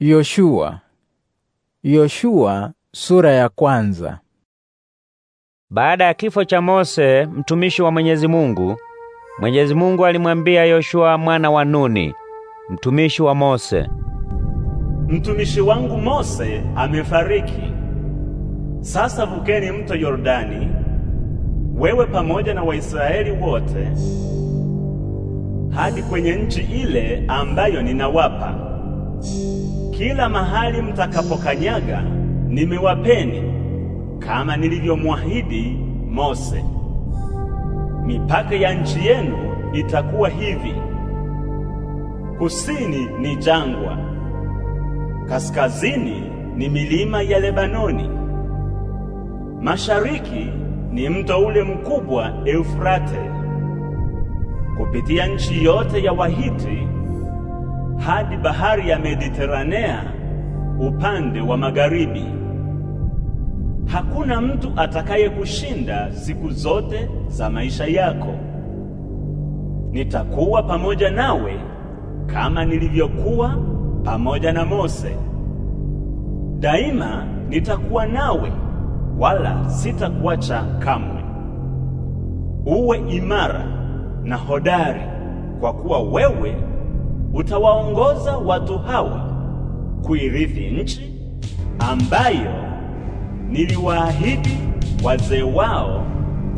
Yoshua. Yoshua sura ya kwanza. Baada ya kifo cha Mose mtumishi wa Mwenyezi Mungu, Mwenyezi Mungu alimwambia Yoshua mwana wa Nuni, mtumishi wa Mose, mtumishi wangu Mose amefariki. Sasa vukeni mto Yordani, wewe pamoja na Waisraeli wote, hadi kwenye nchi ile ambayo ninawapa kila mahali mtakapokanyaga nimewapeni, kama nilivyomwahidi Mose. Mipaka ya nchi yenu itakuwa hivi: kusini ni jangwa, kaskazini ni milima ya Lebanoni, mashariki ni mto ule mkubwa Eufrate. Kupitia nchi yote ya Wahiti hadi bahari ya Mediteranea upande wa magharibi. Hakuna mtu atakayekushinda siku zote za maisha yako. Nitakuwa pamoja nawe kama nilivyokuwa pamoja na Mose. Daima nitakuwa nawe, wala sitakuacha kamwe. Uwe imara na hodari, kwa kuwa wewe utawaongoza watu hawa kuirithi nchi ambayo niliwaahidi wazee wao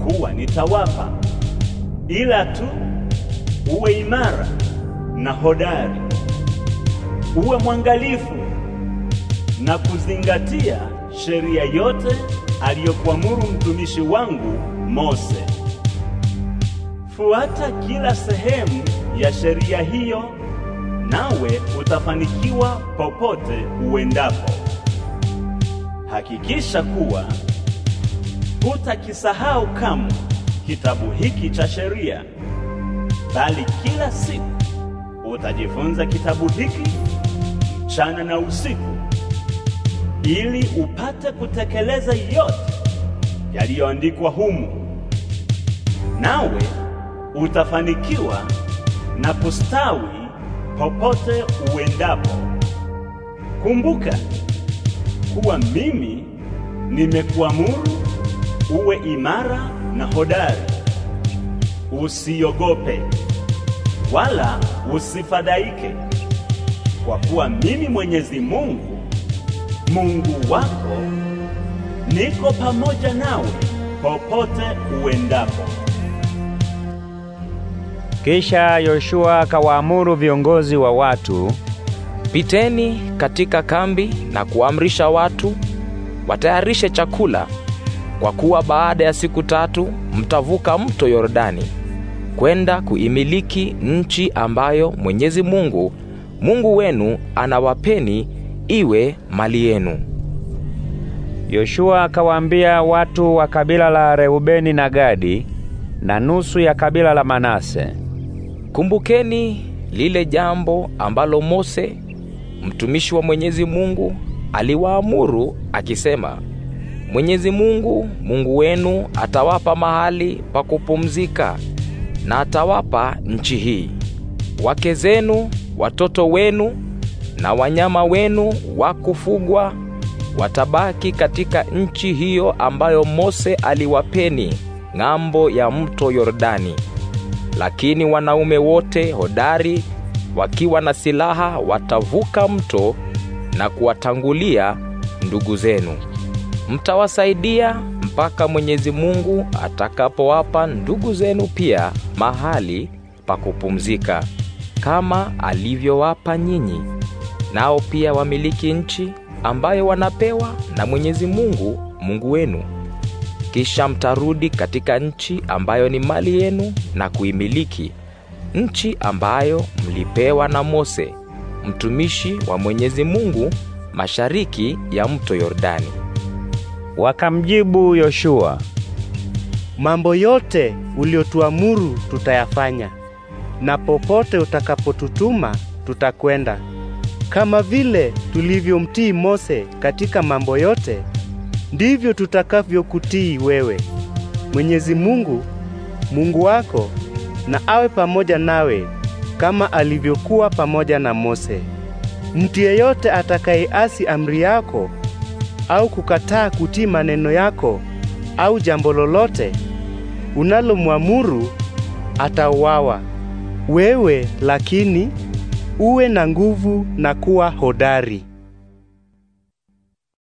kuwa nitawapa, ila tu uwe imara na hodari, uwe mwangalifu na kuzingatia sheria yote aliyokuamuru mtumishi wangu Mose. Fuata kila sehemu ya sheria hiyo nawe utafanikiwa popote uendapo. Hakikisha kuwa hutakisahau kamwe kitabu hiki cha sheria, bali kila siku utajifunza kitabu hiki mchana na usiku, ili upate kutekeleza yote yaliyoandikwa humu, nawe utafanikiwa na kustawi popote uendapo, kumbuka kuwa mimi nimekuamuru uwe imara na hodari. Usiogope wala usifadhaike, kwa kuwa mimi Mwenyezi Mungu Mungu wako niko pamoja nawe popote uendapo. Kisha Yoshua akawaamuru viongozi wa watu, piteni katika kambi na kuamrisha watu watayarishe chakula, kwa kuwa baada ya siku tatu mtavuka mto Yordani kwenda kuimiliki nchi ambayo Mwenyezi Mungu Mungu wenu anawapeni iwe mali yenu. Yoshua akawaambia watu wa kabila la Reubeni na Gadi na nusu ya kabila la Manase Kumbukeni lile jambo ambalo Mose mtumishi wa Mwenyezi Mungu aliwaamuru akisema, Mwenyezi Mungu Mungu wenu atawapa mahali pa kupumzika na atawapa nchi hii. Wake zenu, watoto wenu na wanyama wenu wa kufugwa watabaki katika nchi hiyo ambayo Mose aliwapeni ng'ambo ya mto Yordani. Lakini wanaume wote hodari wakiwa na silaha watavuka mto na kuwatangulia ndugu zenu. Mtawasaidia mpaka Mwenyezi Mungu atakapowapa ndugu zenu pia mahali pa kupumzika kama alivyowapa nyinyi. Nao pia wamiliki nchi ambayo wanapewa na Mwenyezi Mungu Mungu wenu. Kisha mtarudi katika nchi ambayo ni mali yenu na kuimiliki, nchi ambayo mlipewa na Mose mtumishi wa Mwenyezi Mungu, mashariki ya mto Yordani. Wakamjibu Yoshua, mambo yote uliotuamuru tutayafanya, na popote utakapotutuma tutakwenda, kama vile tulivyomtii Mose katika mambo yote ndivyo tutakavyokutii wewe. Mwenyezi Mungu Mungu wako na awe pamoja nawe kama alivyokuwa pamoja na Mose. Mtu yeyote atakayeasi amri yako au kukataa kutii maneno yako au jambo lolote unalomwamuru atauawa. Wewe lakini uwe na nguvu na kuwa hodari.